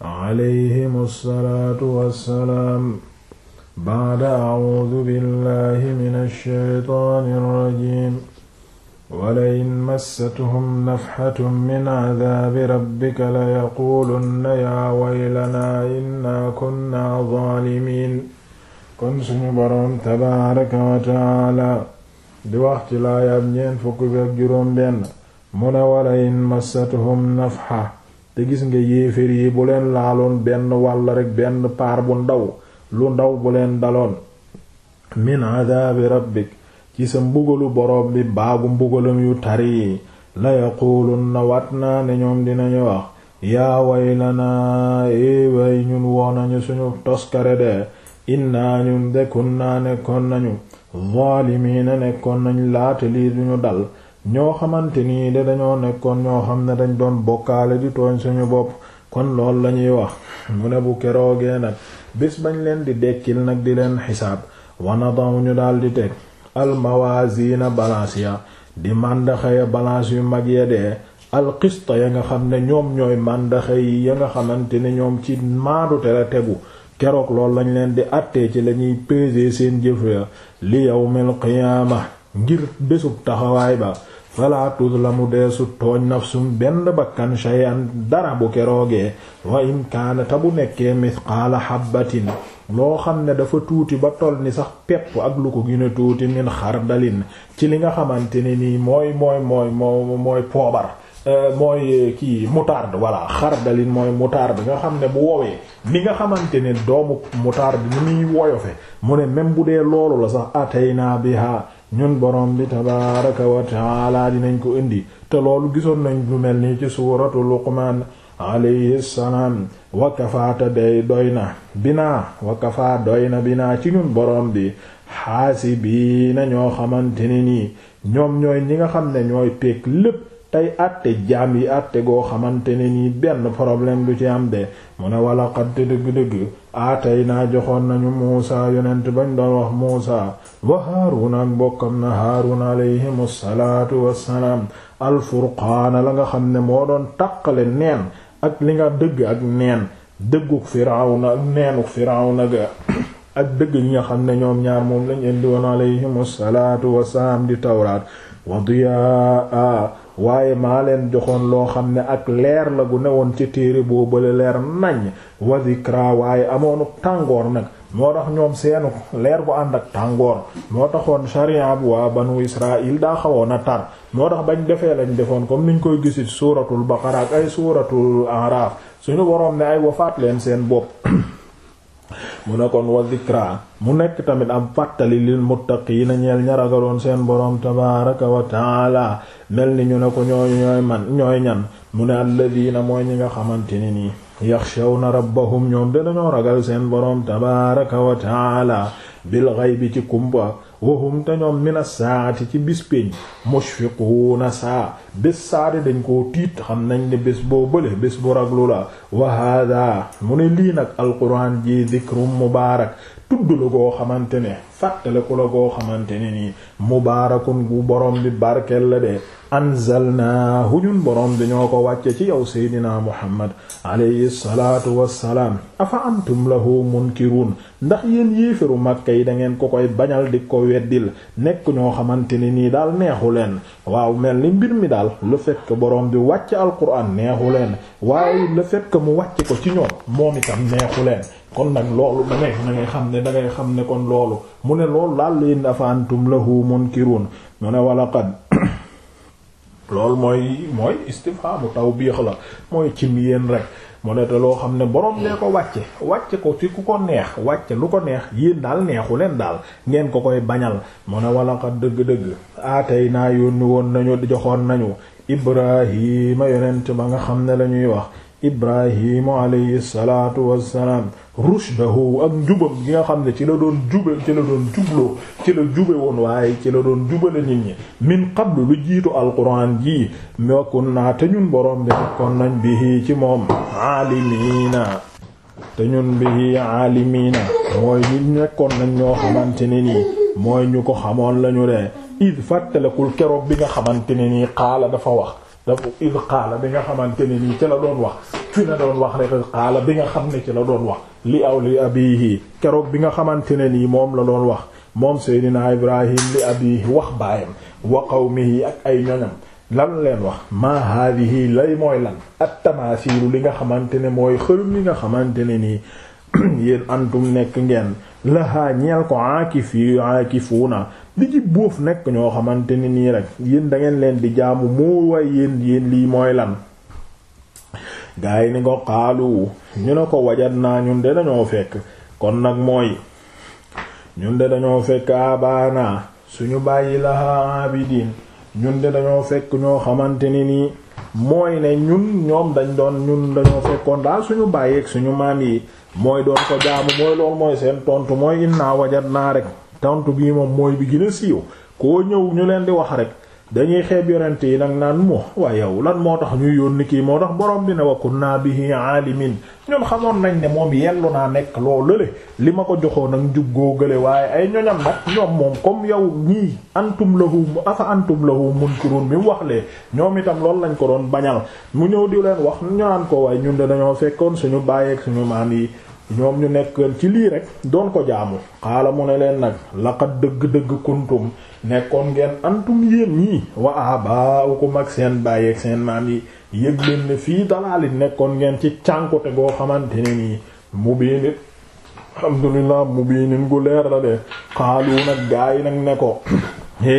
alayhim alsalaatu wassalaam baada acuudu billahi min alsheytaani alrajim wala in massathum nafxatun min cadaabi rabbika la yaquulunna yaa waylanaa innaa kunnaa zaalimiin kon suñu boroom tabaaraka wa tacaala di wax ci laayaab ñeent fukk ak juróom benn mu ne wala in massathum nafxa te gis nga yéeféer yi bu leen laaloon benn wàll rekk benn paar bu ndaw lu ndaw bu leen daloon min adaabi rabbik ci sa mbugalu boroom bi baagu mbugalam yu tari yi la yaqulunna wat naa ne ñoom dinañu wax yaa waylanaa éeway ñun woonañu suñu toskare de innaa ñun de kunnaa nekkoon nañu zaalimiina nekkoon nañ laata lii duñu dal ñoo xamante nii de dañoo nekkoon ñoo xam ne dañ doon bokkaale di tooñ suñu bopp kon loolu la ñuy wax mu ne bu keroogee nag bés bañ leen di dekkil nag di leen xisaab wanadaw ñu daal di teg almawasina balance ya di màndaxe ya yu mag ya dee alxista ya nga xam ne ñoom ñooy màndaxe yi ya nga xamante ne ñoom ci maadute la tegu keroog loolu lañ leen di àttee ci lañuy peser seen jëf ya li yawmil qiyaama ngir bésub taxawaay ba mu tuzlamu deesu tooñ nafsum benn bakkan shay'an dara bu keroogee wa in bu nekkee mithqaala habbatin loo xam ne dafa tuuti ba toll ni sax pepp ak lu ko gën a tuuti min xardalin ci li nga xamante ne nii mooy mooy mooy moo mooy poobar euh, mooy euh, kii moutarde voilà xardalin mooy moutarde nga xam ne bu woowee li nga xamante ne doomu moutarde ni muy woyofe mu ne même bu dee loolu la sax atayna biha ñun borom bi tabaaraka wa taala dinañ ko indi te loolu gisoon nañ lu mel nii ci suuratu luqmaan alayhi salaam wakafaata day doy na binaa wakafaa doy na binaa ci ñun borom bi xaasi bi na ñoo xamante ne nii ñoom ñooy ñi nga xam ne ñooy peeg lépp tey àtte jaam yi àtte goo xamante ne nii benn problème du ci am de mu ne wala xadd dëgg-dëgg aatay naa joxoon nañu Muusa yonent bañ doon wax Muusa wa Haaruna ak bokkam na Haaruna alayhim salaatu wassalaam alfurqaana la nga xam ne moo doon taqale neen ak li nga dëgg ak neen dëgguk Firawna ak neenuk Firawna ga ak dëgg ñi nga xam ne ñoom ñaar moom lañ indi woon alayhim salaatu wassalaam di tawraat wa waaye maa leen joxoon loo xam ne ak leer la gu newoon ci téere boobale leer nañ wa zikra waaye amoonu tàngoor nag moo tax ñoom seenu leer bu ànd ak tàngoor moo taxoon sharia bu waa banu israil daa xawoon a tar moo tax bañ defee lañ defoon comme niñ koy gisit suuratul baqara ak ay suuratul araf suñu boroom ne ay wafaat leen seen bopp mu ne kon wa dhikra mu nekk tamit am fàttali lil muttaqiina ñeel ña ragaloon seen boroom tabaaraka wa taala mel ni ñu ne ko ñooy ñooy man ñooy ñan mu ne alladina mooy ñi nga xamante ni nii yaxshawna rabbahum ñoom de dañoo ragal seen boroom tabaaraka wa taala bil ghaybi ci kumba wahum te ñoom mina saati ci bis pénc mushfiquuna saa bés saati dañ ko tiit xam nañ ne bés boo bële bés bu raglu la wa hada mu ne lii nag alquran ji dhikrum mubaarak tudd lu goo xamante ne fàttaliku la goo xamante ne nii mubaarakun bu borom bi barkel la de anzal anzalnaahu ñun borom bi ñoo ko wàcce ci yow seydinaa muhammad alayhi salaatu wassalaam afa antum lahu munkiruun ndax yéen yéefiru màkka yi da ngeen ko koy bañal di ko weddil nekk ñoo xamante ne nii daal neexu leen waaw mel ni mbir mi daal le fait que borom bi wàcc alquran neexu leen waaye le fait que mu wàcc ko ci ñoom moom itam neexu leen kon nag loolu da ngay da xam ne da ngay xam ne kon loolu mu ne loolu daal leen dafa antum lahu munkirun mu ne wala qad loolu mooy mooy istifhamu tawbiix la mooy cim yéen rek mu ne te loo xam ne boroom lee ko wàcce wàcce ko ci ku ko neex wàcce lu ko neex yéen daal neexu leen daal ngeen ko koy bañal mu ne wala qad dëgg-dëgg aatay naa yónni woon nañu joxoon nañu ibrahima yonent ba nga xam ne lañuy wax ibrahimu alayhi salaatu wassalaam rushdahu ak njubam gi nga xam ne ci la doon jubal ci la doon jubloo ci la jube woon waaye ci la doon jubale nit ñi min qablu lu jiitu alquran ji mokkun naa te ñun boroom bi nekkoon nañ bihi ci moom aalimiina te ñun bihi aalimiina mooy ñu nekkoon nañ ñoo xamante ne nii mooy ñu ko xamoon lañu de id fàttalekul keroog bi nga xamante ne nii xaala dafa wax dafa id qaala bi nga xamante ne nii ci la doon wax ci la doon wax rek qaala bi nga xam ne ci la doon wax li aw li abihi keroog bi nga xamante ne nii moom la doon wax moom seydinaa ibrahim li abihi wax baayam wa qawmihi ak ay ñoñam la leen wax ma haadihi lay mooy lan at tamaasiilu li nga xamante ne mooy xërëm li nga xamante ne nii yéen antum nekk ngeen lahaa ñeel ko aakif yi aakifuuna di ci bóof nekk ñoo xamante ni nii rek yéen da leen di jaamu moo waay yéen yéen lii mooy lan gaay ni ko xaalu ñu ne ko wajat naa ñun de dañoo fekk kon nag mooy ñun de dañoo fekk abaana suñu bàyyi laha abidin ñun de fekk ñoo xamante ni nii mooy ne ñun ñoom dañ doon ñun dañoo fekkoon daal suñu bàyyeeg suñu maam yi mooy doon ko jaamu mooy lool mooy seen tontu mooy innaa wajat naa rek tontu bii moom mooy bi gën siiw koo ñëw ñu leen di wax rek dañuy xeeb yonent yi nag naan mo waaye yow lan moo tax ñuy yónni kii moo tax boroom bi ne wa kunna bihi aalimin ñun xamoon nañ ne moom yellu naa nekk loo lële li ma ko joxoon nag njuggoo gële waaye ay ñoñam nag ñoom moom comme yow ñii antum lahu afa antum lahu bi mu wax lee ñoom itam loolu lañ ko doon bañal mu ñëw di leen wax ñu naan ko waaye ñun de dañoo fekkoon suñu bàyyeek suñu maam yi ñoom ñu nekkoon ci lii rek doon ko jaamu xaala mu ne leen nag laqad dëgg-dëgg kuntum nekkoon ngeen antum yéen ñii wa aba'ukum ak seen baay ak seen maam yi yëg leen ne fii dalaali nekkoon ngeen ci cànkute goo xamante ne nii mu biin it alhamdulillah mu biinin gu leer la de xaalu nag gaa yi nag ne ko é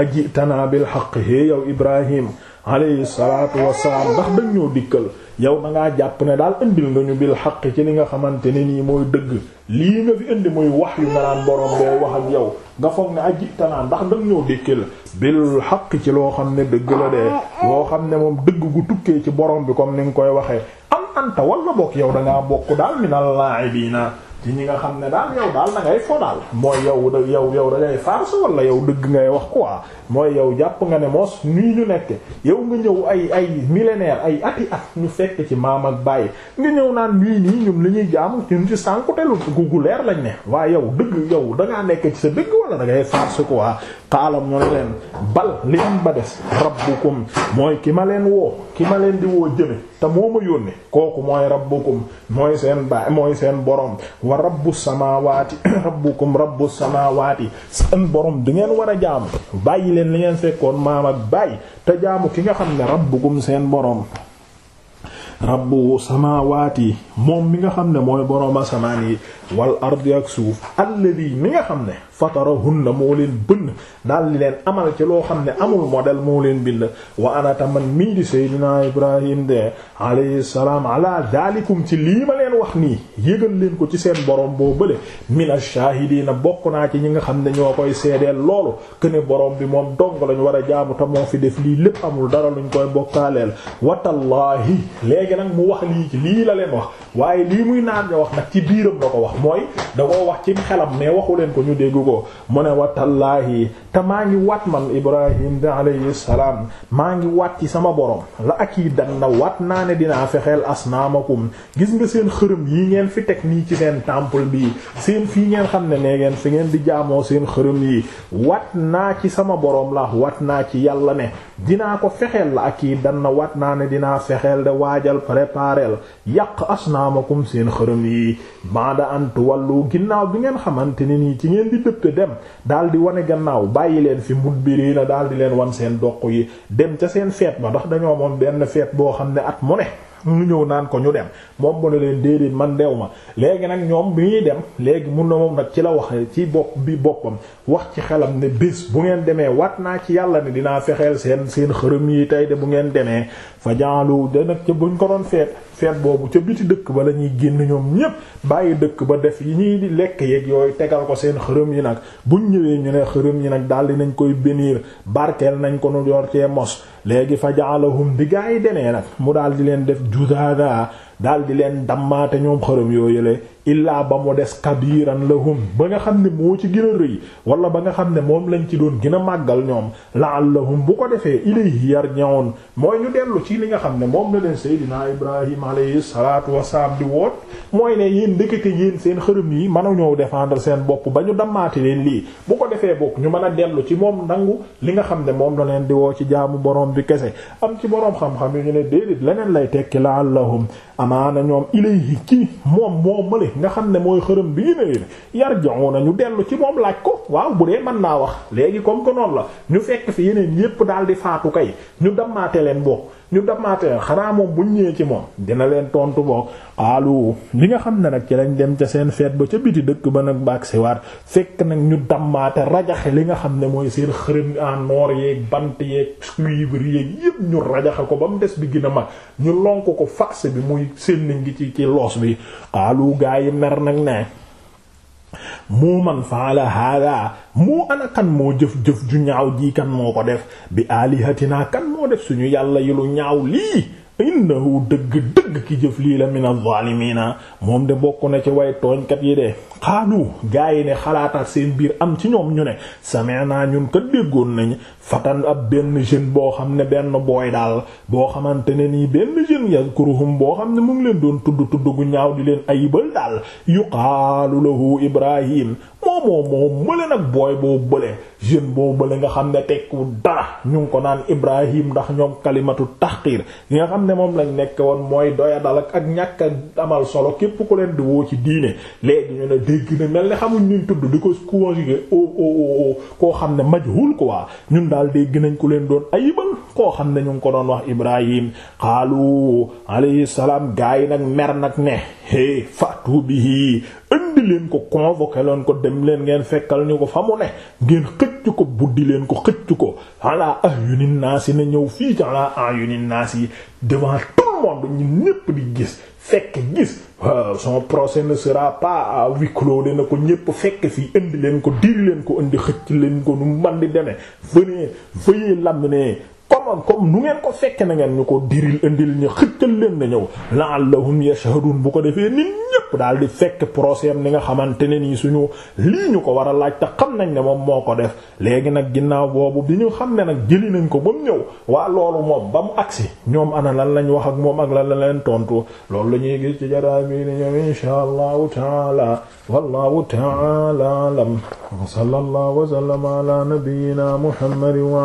aji tanaabil xaq é yow Ibrahim alayhi salaatu wassalaam ndax dañ ñoo dikkal yow na ngaa jàpp ne daal indil nga ñu bil xaq ci li nga xamante ne nii mooy dëgg lii nga fi indi muy wax yu nga naan borom bee wax ak yow nga foog ne aji tanaan ndax dañ ñoo dikkal bil xaq ci loo xam ne dëgg la dee loo xam ne moom dëgg gu tukkee ci borom bi comme ni nga koy waxee am anta wala bokk yow da ngaa bokk daal minal la'ibiina ci ñi nga xam ne daal yow daal na ngay fo daal mooy yow da yow yow da ngay farce wala yow dëgg ngay wax ko quoi mooy yow jàpp nga ne moos nii ñu nekk yow nga ñëw ay ay millénaire ay ati at ñu fekk ci maam ak bàyyi nga ñëw naan nii nii ñun li ñuy jaamu ñun ci sànkutelu gu leer lañ ne waaye yow dëgg yow da ngaa nekk ci sa dëgg wala da ngay farce quoi xaalam ñoo leen bal li ba des rabbukum mooy ki ma leen woo ki ma leen di woo jëme te moo ma yónnee kooku mooy rabbukum mooy seen seen borom wa rabbu samaawaati rabbukum rabbu samaawaati seen borom du ngeen war a jaamu bàyyi leen li ngeen fekkoon maam ak bàyyi te jaamu ki nga xam ne rabbukum seen borom. rabbu samaawaati moom mi nga xam ne mooy borom asamaan yi wal ardi ak suuf alladi mi nga xam ne. fatarahunna moo leen bënn daal di leen amal ci loo xam ne amul modèle moo leen bind wa ana taman mii di seydina ibrahim de alayhi salaam ala dalikum ci lii ma leen wax nii yégal leen ko ci seen borom boo bële mina shahidina bokk naa ci ñi nga xam ne ñoo koy seedeel loolu këne borom bi moom dong lañ war a jaamu te moo fi def lii lépp amul dara luñ koy bokkaaleel watallaahi léegi nag mu wax lii ci lii la leen wax waaye lii muy naan nga wax nag ci biiram la ko wax mooy da wax ci xelam waxu leen ko ñu dégg ko mu ne wa tallaahi te maa ngi wat man Ibrahim da alayhi maa ngi wat ci sama borom la ak yi dan na wat naa ne dinaa fexeel asnaamakum gis nga seen xërëm yi ngeen fi teg nii ci seen temple bi seen fii ngeen xam ne nee ngeen fi ngeen di jaamoo seen xërëm yi wat naa ci sama boroom la wat naa ci yàlla ne dinaa ko fexeel la ak yi dan na wat naa ne dinaa fexeel de waajal prépareel yàq asnaamakum seen xërëm yi baada an tuwallu ginnaaw bi ngeen xamante ne nii ci ngeen di te dem daal di wane gannaaw bàyyi leen fi mudbiriina daal di leen wan seen doq yi dem ca seen feet ba ndox dañoo moom benn feet boo xam ne at mu ne mu ñëw naan ko ñu dem moom mu ne leen déedéet man dew ma léegi nag ñoom bi ñuy dem léegi mun na moom nag ci la wax ci bopp bi boppam wax ci xelam ne bés bu ngeen demee wat naa ci yàlla ne dinaa fexeel seen seen xërëm yi tey de bu ngeen demee fa jaalu de nag ca buñ ko doon feet feet boobu ca biti dëkk ba la ñuy génn ñoom ñépp bàyyi dëkk ba def yi ñuy lekk yeeg yooyu tegal ko seen xërëm yi nag buñ ñëwee ñu ne xërëm yi nag daldi nañ koy bénir barkeel nañ ko nu yor cee mos léegi fa jaalahum di gaa yi demee nag mu daal di leen def judaada daal di leen dammaate ñoom xërëm yoo le illaa ba mu des kabiran lahum ba nga xam ne moo ci gën a wala ba nga xam ne moom lañ ci doon gën a màggal ñoom la laallahum bu ko defee ilayhi yarji'un mooy ñu dellu ci li nga xam ne moom la leen seydinaa ibrahim alayhi salaatu wasalaam di woot mooy ne yéen ndëkkate yéen seen xërëm yi mën a ñëw défendre seen bopp ba ñu dammaati bu ko defee bokk ñu mën a dellu ci moom nangu li nga xam ne moom la leen di woo ci jaamu boroom bi kese am ci boroom xam-xam yu ñu ne déedéet leneen lay tekki laallahum amaana ñoom ilayhi ci moom moo mële nga xam ne mooy xërëm bi gën a leen yarjuuna ñu dellu ci moom laaj ko waaw bu dee mën naa wax léegi comme que noonu la ñu fekk fi yeneen yépp daal di faatu kay ñu dammaate leen bokk ñu damaatee xanaa moom buñ ñëwee ci moom dina leen tontu boo xaalu li nga xam ne nag ci lañ dem ca seen feet ba ca biti dëkk ba nag baag siwaat fekk nag ñu dammaate rajaxe li nga xam ne mooy seen xërëm en noor yeeg bant yeeg cuivre yeeg yépp ñu rajaxe ko ba mu des bi gina a mag ñu lonk ko fas bi muy seen ngi ci ci loos bi xaalu gaa yi mer nag ne mu man faala hada mu ana kan moo jëf-jëf ju ñaaw ji kan moo ko def bi alihatina kan moo def suñu yàlla yi lu ñaaw lii innahu dëgg-dëgg ki jëf lii la min az-zaalimiina moom de bokk na ci way tooñkat yi de xaalu gaa yi ne xalaataat seen biir am ci ñoom ñu ne sami'naa ñun kat déggoon nañu fatan ab benn jeune boo xam ne benn booy daal boo xamante ne nii benn jeune yazkuruhum boo xam ne mu ngi leen doon tudd tudd gu ñaaw di leen ayibal daal yuqaalu lahu Ibrahim moomoo moom mële nag booy boo bële jeune boo bële nga xam ne tekku dara ñu ngi ko naan Ibrahim ndax ñoom kalimatu tahqir yi nga xam ne moom lañu nekk woon mooy doya dal ak ñàkk a amal solo képp ku leen di woo ci diine léegi ñu ne dégg na mel ni xamuñ ñuy tudd di ko conjuguer o o o koo xam ne ko waa ñun daal dégg nañ ku leen doon ayibal koo xam ne ñu ngi ko doon wax Ibrahim xaalu alayhi salaam gaa yi nag mer nag ne hey bi bihi indi leen ko convoqué leen ko dem leen ngeen fekkal ñu ko fa mu ne ngeen xëcc ko buddi leen ko xëcc ko ala ayuni naas yi na ñëw fii ci ala ayuni naas yi devant tout le monde ñun ñépp di gis fekk gis waaw son procès ne sera pas à huis clos dina ko ñépp fekk fii indi leen ko diri leen ko indi xëcc leen ko nu man di demee venez veuillez l'amener comme comme nu ngeen ko fekke na ngeen ñu ko diril indil ñu xëccal leen na ñëw la'allahum yashhadun bu ko defee nit ñépp daal di fekk procès am ni nga xamante ne nii suñu lii ñu ko war a laaj te xam nañ ne moom moo ko def léegi nag ginnaaw boobu bi ñu xam ne nag jëli nañ ko ba mu ñëw waa loolu moom ba mu agsi ñoom ana lan lañ wax ak moom ak lan la leen tontu loolu la ñuy gis ci jaraa bi ni ñëw insha allahu taala wallahu taala la wa sallallahu wa sallama ala nabiyyina muhammad wa